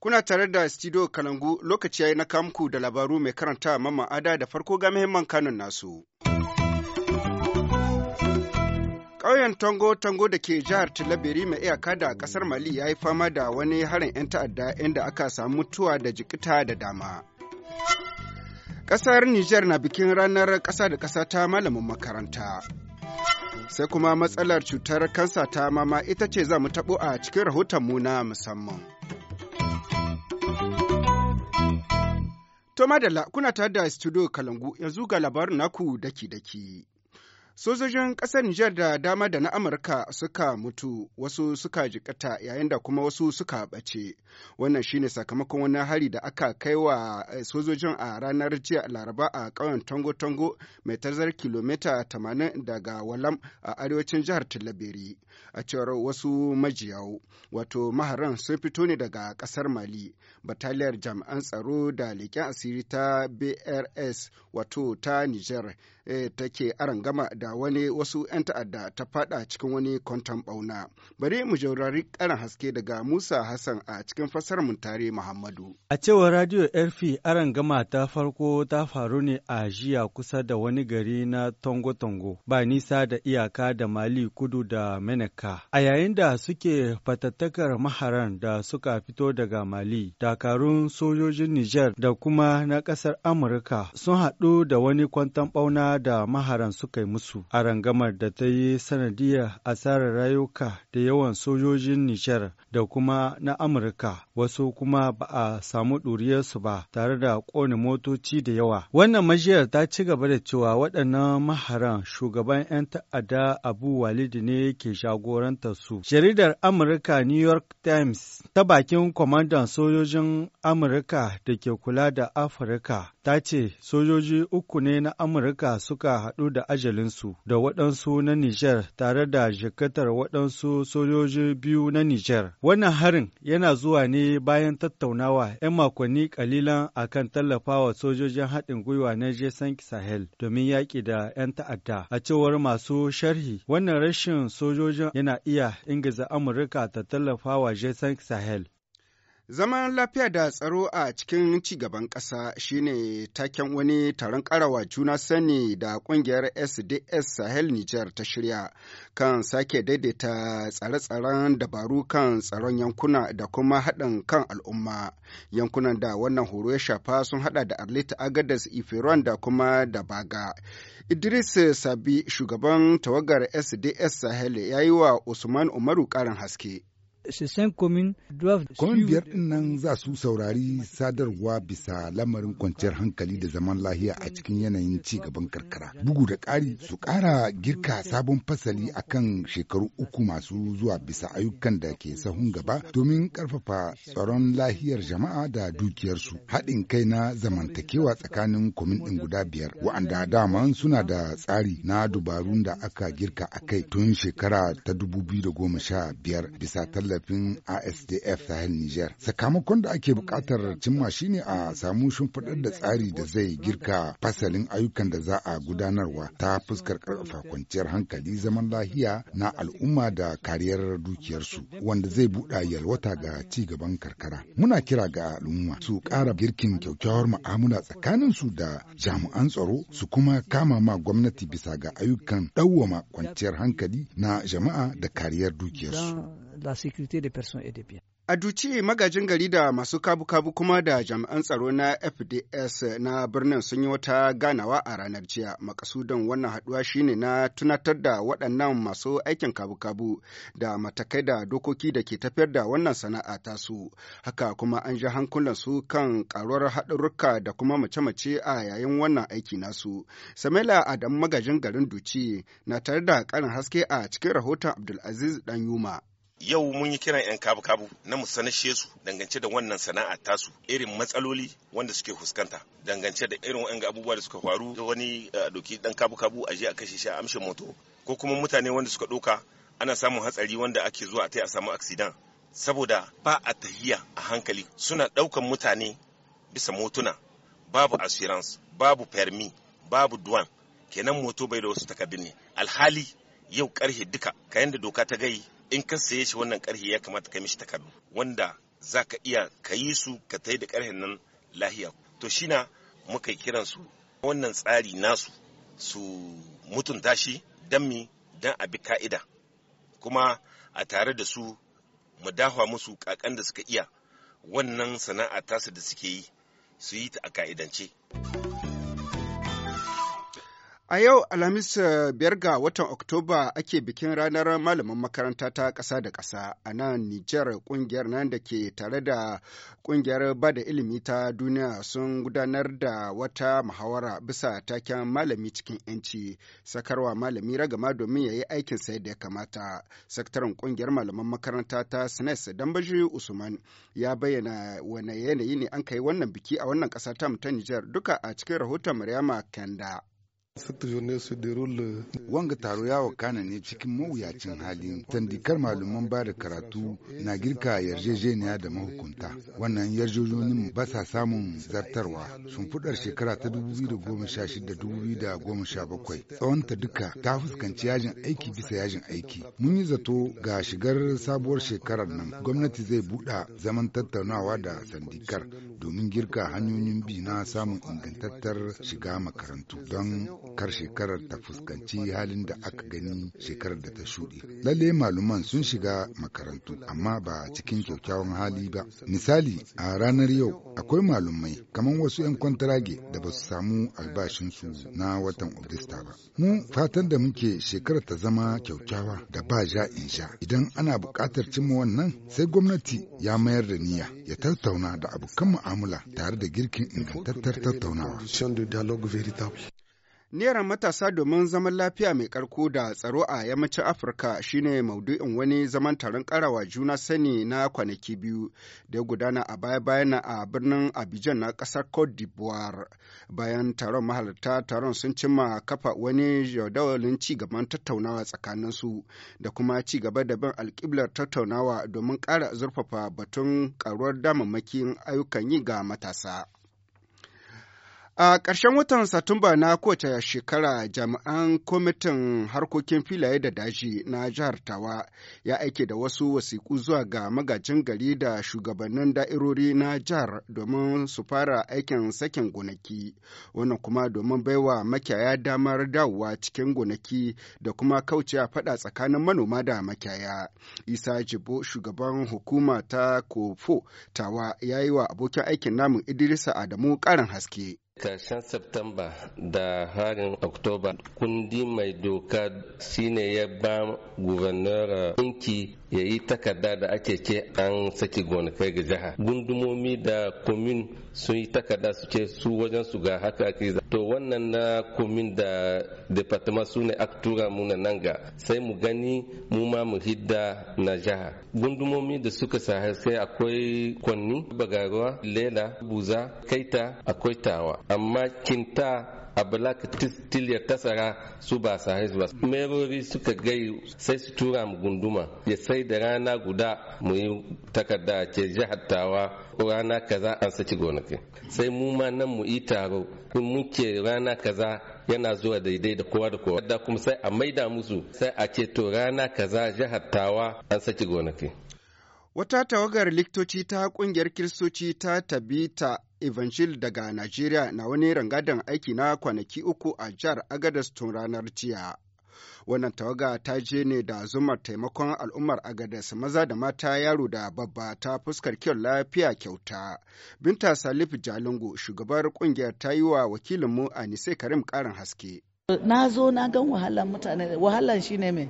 Kuna tare da studio Kalangu lokaci yi na kamku da labaru mai karanta mamma ada da farko ga muhimman kanun nasu. Ƙauyen Tango Tango da ke jihar tilabiri mai iyaka da ƙasar Mali ya yi fama da wani harin 'yan ta'adda inda aka samu mutuwa da jikita da dama. Ƙasar Nijar na bikin ranar ƙasa da ƙasa ta malamin makaranta. Sai kuma matsalar cutar kansa ta mama ita ce za mu taɓo a cikin rahotonmu na musamman. To madalla kuna tare da studio Kalangu yanzu ga labarin naku daki-daki. Sojojin ƙasar Nijar da dama da na Amurka suka mutu, wasu suka jikata yayin da kuma wasu suka ɓace. Wannan shine sakamakon wani hari da aka kai wa eh, sojojin a ranar jiya Laraba a ƙauyen Tango-Tango mai tazar kilomita 80 daga Walam a arewacin jihar Tillaberi. A cewar wasu majiyau, wato maharan sun fito ne daga ƙasar Mali, bataliyar jami'an tsaro da leƙen asiri ta BRS wato ta Nijar eh, take arangama da da wani wasu 'yan ta'adda ta fada cikin wani kwanton bauna. Bari mu jaurari karin haske daga Musa Hassan a cikin fasar tare Muhammadu. A cewar Radio RF aran gama ta farko ta faru ne a jiya kusa da wani gari na Tongo-Tongo ba nisa da iyaka da Mali kudu da meneka A yayin da suke fatattakar maharan da suka fito daga Mali, dakarun sojojin Nijar da kuma na kasar Amurka sun haɗu da wani kwanton ɓauna da maharan suka yi musu. su a rangamar da ta yi sanadiyar asarar rayuka da yawan sojojin Nijar da kuma na Amurka wasu kuma ba a samu ɗuriyarsu ba tare da ƙone motoci da yawa. Wannan majiyar ta ci gaba da cewa waɗannan maharan shugaban 'yan ta'adda Abu Walidi ne ke shagoranta su. Jaridar Amurka New York Times ta bakin kwamandan sojojin Amurka da ke kula da Afirka ta ce sojoji uku ne na Amurka suka haɗu da ajalinsu. su da waɗansu na Nijar tare da jakatar waɗansu sojoji biyu na Nijar. Wannan harin yana zuwa ne bayan tattaunawa 'yan makonni kalilan akan tallafawa sojojin haɗin gwiwa na Jason Sahel domin yaƙi da 'yan ta'adda. A cewar masu sharhi, wannan rashin sojojin yana iya ingiza Amurka ta tallafawa Jason Sahel Zaman lafiya da tsaro a cikin cigaban ƙasa shine taken wani taron ƙarawa juna sani da ƙungiyar SDS Sahel Niger ta shirya kan sake daidaita tsare-tsaren dabaru kan tsaron yankuna da kuma haɗin kan al'umma. Yankunan da wannan horo ya shafa sun haɗa da Arlita Agadas Ifiron da kuma Dabaga. Idris Sabi, shugaban tawagar SDS Sahel, ya yi wa Usman Umaru ƙarin haske. komin biyar ɗin nan za su saurari sadarwa bisa lamarin kwanciyar hankali da zaman lahiya a cikin yanayin ci gaban karkara. Bugu da ƙari su ƙara girka sabon fasali a kan shekaru uku masu zuwa bisa ayyukan da ke sahun gaba domin ƙarfafa tsaron lahiyar jama'a da dukiyarsu. Haɗin kai na zamantakewa tsakanin komin ɗin guda biyar wa'anda daman suna da tsari na dubarun da aka girka a kai tun shekara ta dubu biyu da goma sha biyar bisa tallafin tallafin ASDF Sahel Niger. Sakamakon da ake buƙatar cimma shine a samu shimfiɗar da tsari da zai girka fasalin ayyukan da za a gudanarwa ta fuskar ƙarfafa kwanciyar hankali zaman lahiya na al'umma da kariyar dukiyarsu wanda zai buɗa yalwata ga ci gaban karkara. Muna kira ga al'umma su ƙara girkin kyaukyawar mu'amala su da jami'an tsaro su kuma kama ma gwamnati bisa ga ayyukan ɗauwama kwanciyar hankali na jama'a da kariyar dukiyarsu. la sécurité des personnes et des biens. A duci magajin gari da masu kabu-kabu kuma da jami'an tsaro na FDS na birnin sun yi wata ganawa a ranar jiya. Makasudan wannan haɗuwa shine na tunatar da waɗannan masu aikin kabu-kabu da matakai da dokoki da ke tafiyar da wannan sana'a tasu. Haka kuma an ji hankulan su kan ƙaruwar haɗurruka da kuma mace-mace a yayin wannan aiki nasu. Samela Adam magajin garin Duci na tare da ƙarin haske a cikin rahoton Abdulaziz Dan Yuma. yau mun yi kiran 'yan kabu-kabu na mu sanashe su dangance da wannan sana'a tasu irin matsaloli wanda suke fuskanta dangance da irin wa'yan abubuwa da suka faru da wani doki dan kabu-kabu a je a kashe shi a amshin moto ko kuma mutane wanda suka doka ana samun hatsari wanda ake zuwa a tai a samu aksidan saboda ba a tahiya a hankali suna ɗaukan mutane bisa motuna babu assurance babu permi babu duwan kenan moto bai da wasu takardun ne alhali yau karhe duka kayan da doka ta gai in ka saye shi wannan karhe ya kamata ka mishi takardu wanda za ka iya ka yi su ka tai da karhen nan lahiya to shi na muka yi kiran wannan tsari nasu su mutunta shi don mi don a bi ka'ida kuma a tare da su mu dafa musu kakan da suka iya wannan sana'a tasu da suke yi su yi ta a ka'idance. A yau Alhamis eh, biyar ga watan Oktoba ake bikin ranar malamin makaranta ta ƙasa da ƙasa a nan Nijar ƙungiyar nan da ke tare da ƙungiyar bada ilimi ta duniya sun gudanar da wata muhawara bisa taken malami cikin ‘yanci sakarwa malami ragama domin ya yi aikin sai da ya kamata. Sakataren ƙungiyar malaman makaranta ta SNES e Dambaji Usman ya bayyana wane yanayi ne an kai wannan biki a wannan ƙasa ta Nijar duka a cikin rahoton Maryama Kanda. Wanga taro ya wakana ne cikin mawuyacin hali, tandikar malaman ba da karatu na girka yarjejeniya da mahukunta. Wannan yarjejonin ba sa samun zartarwa, sun shimfiɗar shekara ta 2016-2017 tsawonta duka ta fuskanci yajin aiki bisa yajin aiki. Mun yi zato ga shigar sabuwar shekarar nan, gwamnati zai buɗa zaman tattaunawa da sandikar domin girka hanyoyin bi na samun ingantattar shiga makarantu don kar shekarar ta fuskanci halin da aka gani shekarar da ta shuɗe. Lalle maluman sun shiga makarantu amma ba cikin kyakkyawan hali ba. Misali a ranar yau akwai malumai kamar wasu 'yan kwantarage da ba su samu albashinsu na watan Ogista ba. Mu fatan da muke shekarar ta zama kyakkyawa da ba ja in sha. Idan ana buƙatar cimma wannan sai gwamnati ya mayar da niyya ya tattauna da abokan mu'amala tare da girkin ingantattar tattaunawa. Nera matasa domin zaman lafiya mai karko da tsaro a yammacin Afirka shine maudu'in wani zaman taron karawa juna sani na kwanaki biyu da ya gudana a baya-bayan a birnin Abidjan na ƙasar Cote d'Ivoire. Bayan taron mahalarta taron sun cimma kafa wani jadawalin ci gaban tattaunawa tsakanin su da kuma ci gaba da bin alƙiblar tattaunawa domin ƙara zurfafa batun ƙaruwar damammakin ayyukan yi ga matasa. A ƙarshen watan Satumba na kowace shekara jami'an kwamitin harkokin filaye da daji na jihar Tawa ya aike da wasu wasiƙu zuwa ga magajin gari da shugabannin da'irori na jihar domin su fara aikin sakin gonaki, wannan kuma domin baiwa makiyaya damar dawowa cikin gonaki da kuma kauce a faɗa tsakanin manoma da makiyaya. Isa Jibo shugaban hukuma ta Kofo Tawa ya yi wa abokin aikin namun Idrisa Adamu ƙarin haske. karshen Septemba da harin Oktoba kundi mai doka shine ya ba gubernur uh, inki ya yi takarda da ake ce an saki gonakai ga jiha. Gundumomi da komin sun yi takarda su ce su wajen su ga haka ake to wannan na komin da department su ne aka tura mu nan ga sai mu gani mu ma mu hidda na jaha. gundumomi da suka sahi sai akwai kwanni bagaruwa lela buza kaita akwai tawa amma kinta a black tilya tasara su ba sa ba merori suka gai sai su tura mu gunduma ya sai da rana guda mu yi takarda ce jihar tawa rana kaza an saci gonaki. sai mu ma nan mu yi taro mun muke rana kaza yana zuwa daidai da kowa da kowa da kuma sai a maida musu sai a ce to rana kaza jihar tawa an saki gonaki wata tawagar liktoci ta kungiyar kiristoci ta tabita Evangel daga Najeriya na wani rangadan aiki na kwanaki uku a jihar Agadas tun ranar jiya. Wannan tawaga ta je ne da zumar taimakon al'ummar Agadas maza da mata yaro da babba ta fuskar kyau lafiya kyauta. Binta Salif Jalingo shugabar kungiyar ta yi wa wakilinmu Nise Karim karin haske. Na zo na gan wahalan mutane, wahalan shine mai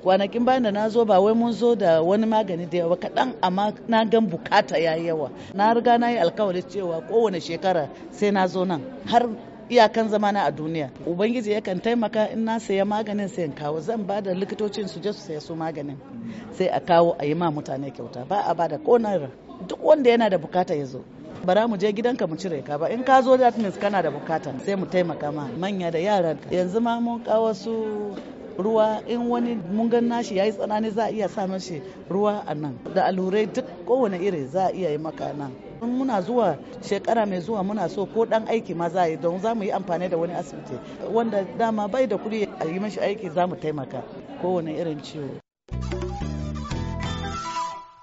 kwanakin bayan da na zo ba wai mun zo da wani magani da yawa kaɗan amma na gan bukata ya yi yawa na riga na yi alkawari cewa kowane shekara sai na zo nan har iyakan zamana a duniya ubangiji yakan taimaka in na saya maganin sai in kawo zan ba da likitocin su je su saya su maganin sai a kawo a yi ma mutane kyauta ba a ba da konar duk wanda yana da bukata ya zo bara mu je gidanka mu cire ka ba in ka zo da kana da bukata sai mu taimaka ma manya da yara yanzu ma mun kawo su ruwa in wani mungan nashi ya yi tsanani za a iya sa mashi ruwa a nan da alurai duk kowane iri za a iya yi maka nan in muna zuwa shekara mai zuwa muna so ko dan aiki ma za a yi don za mu yi amfani da wani asibiti wanda dama bai da kuɗi a yi mashi aiki za mu taimaka kowane irin ciwo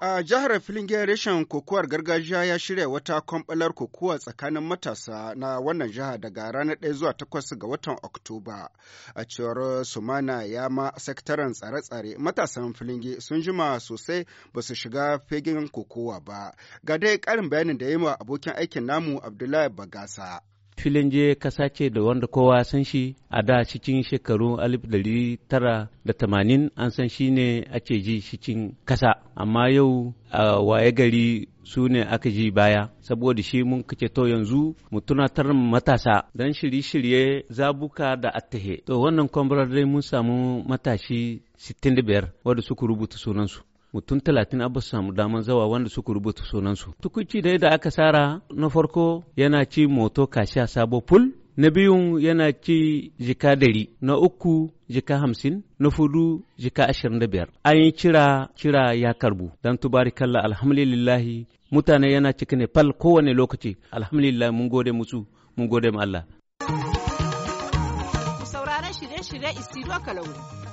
A jihar Filingiyar reshen kokowar gargajiya ya shirya wata kwamɓalar kokowa tsakanin matasa na wannan jiha daga ranar 1 zuwa 8 ga watan Oktoba. A cewar Sumana Yama, sektaran tsare-tsare matasan Filinge sun jima sosai ba su shiga fegen kokowa ba. Ga dai ƙarin bayanin da ya yi wa abokin aikin namu Abdullahi Bagasa. filin je kasa ce da wanda kowa san shi a da cikin shekaru 1980 an san shi ne ake ji cikin kasa amma yau a waye gari su ne aka ji baya saboda shi mun kace to yanzu mu tunatar matasa dan shirye-shirye zabuka da attahe to wannan kwambarar dai mun samu matashi 65 wadda suka rubuta sunansu mutum talatin abu samu daman zawa wanda suka rubuta sunansu tukunci dai da aka sara na farko yana ci moto sha sabo pul na biyu yana ci jika dari na uku jika hamsin na fudu jika ashirin da biyar an yi cira cira ya karbu don tubarikalla alhamdulillahi mutane yana ciki ne fal kowane lokaci alhamdulillah mun gode musu mun gode ma Allah. Sauraron shirye-shirye Isidro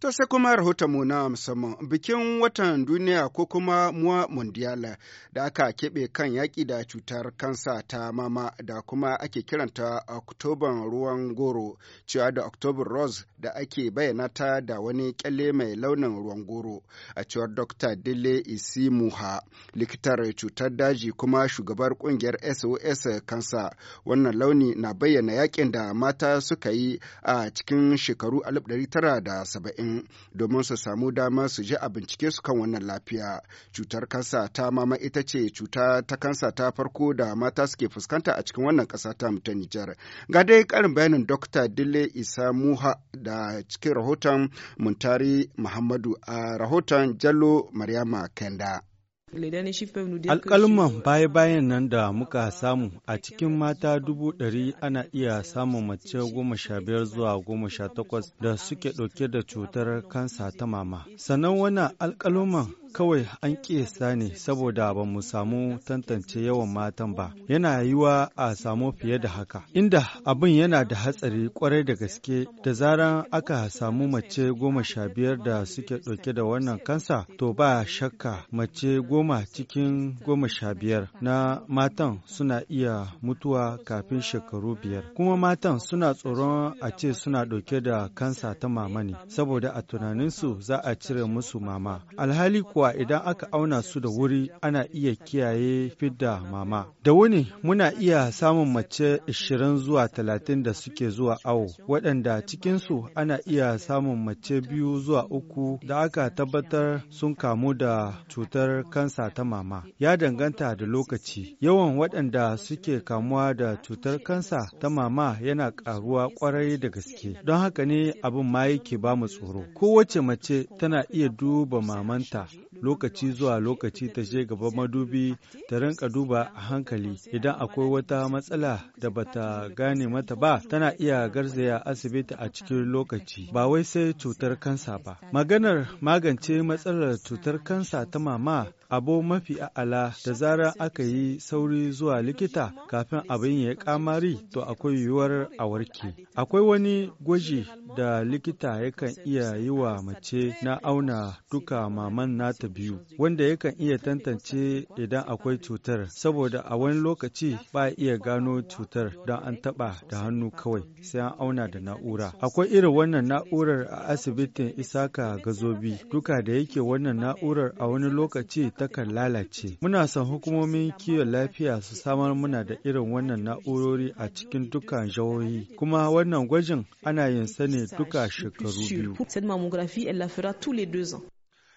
ta sai kuma mu na musamman bikin watan duniya ko kuma muwa mundial da aka keɓe kan yaƙi da cutar kansa ta mama da kuma ake kiranta Oktoban ruwan goro cewa da Oktoban Rose da ake bayyana ta da wani kyalle mai launin ruwan goro a cewar Dr. Dele Isimuha likitar cutar daji kuma shugabar kungiyar SOS kansa wannan launi na bayyana yaƙin da mata suka yi a cikin shekaru 1970. domin su samu dama su ji a bincike su kan wannan lafiya cutar kansa ta mama ita ce cuta ta kansa ta farko da mata suke fuskanta a cikin wannan ƙasa ta ta nijar ga dai karin bayanin dokta dille isa muha da cikin rahoton muntari muhammadu a rahoton jallo maryama kenda Alƙalman euh, baya-bayan nan da muka samu a cikin mata dubu ɗari ana iya samun mace goma sha biyar zuwa goma sha takwas da suke ɗauke da cutar kansa ta mama. Sannan wani alƙaluman. kawai an ƙiyasta ne saboda ba mu samu tantance yawan matan ba. Yana yiwa a samu fiye da haka. Inda abin yana da hatsari kwarai da gaske da zaran aka samu mace goma sha biyar da suke ɗauke da wannan kansa to ba shakka mace goma cikin goma sha biyar na matan suna iya mutuwa kafin shekaru biyar. Kuma matan suna tsoron a ce suna ɗauke da kansa ta mama ne saboda a tunaninsu za a cire musu mama. Alhali kuwa idan aka auna su da wuri ana iya kiyaye fidda mama. Da wuni muna iya samun mace 20 zuwa 30 da suke zuwa awo, waɗanda cikinsu ana iya samun mace biyu zuwa uku da aka tabbatar sun kamu da cutar kansa ta mama. Ya danganta da lokaci. Yawan waɗanda suke kamuwa da cutar kansa ta mama yana ƙaruwa ƙwarai da gaske. Don haka ne abin ma yake ba mu tsoro. Kowace mace tana iya duba mamanta lokaci zuwa lokaci ta je gaba madubi ta rinka duba a hankali idan akwai wata matsala da bata gane mata ba tana iya garzaya asibiti a cikin lokaci ba wai sai cutar kansa ba maganar magance matsalar cutar kansa ta mama abu mafi a'ala da zarar aka yi sauri zuwa likita kafin abin ya kamari to akwai yiwuwar a warke akwai wani gwaji da likita yakan iya yi wa mace na auna duka maman nata biyu, wanda yakan iya tantance idan akwai cutar, saboda a wani lokaci ba iya gano cutar don an taɓa da hannu kawai sai an auna da na'ura. Akwai irin wannan na'urar a asibitin Isaka Gazobi, duka da yake wannan na'urar a wani lokaci takan lalace. Muna son hukumomin kiwon lafiya su samar muna da irin wannan na'urori a cikin dukkan jihohi, kuma wannan gwajin ana yin sani ne duka shekaru biyu.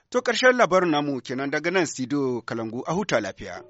To ƙarshen labarin namu kenan daga nan Sido Kalangu a huta lafiya.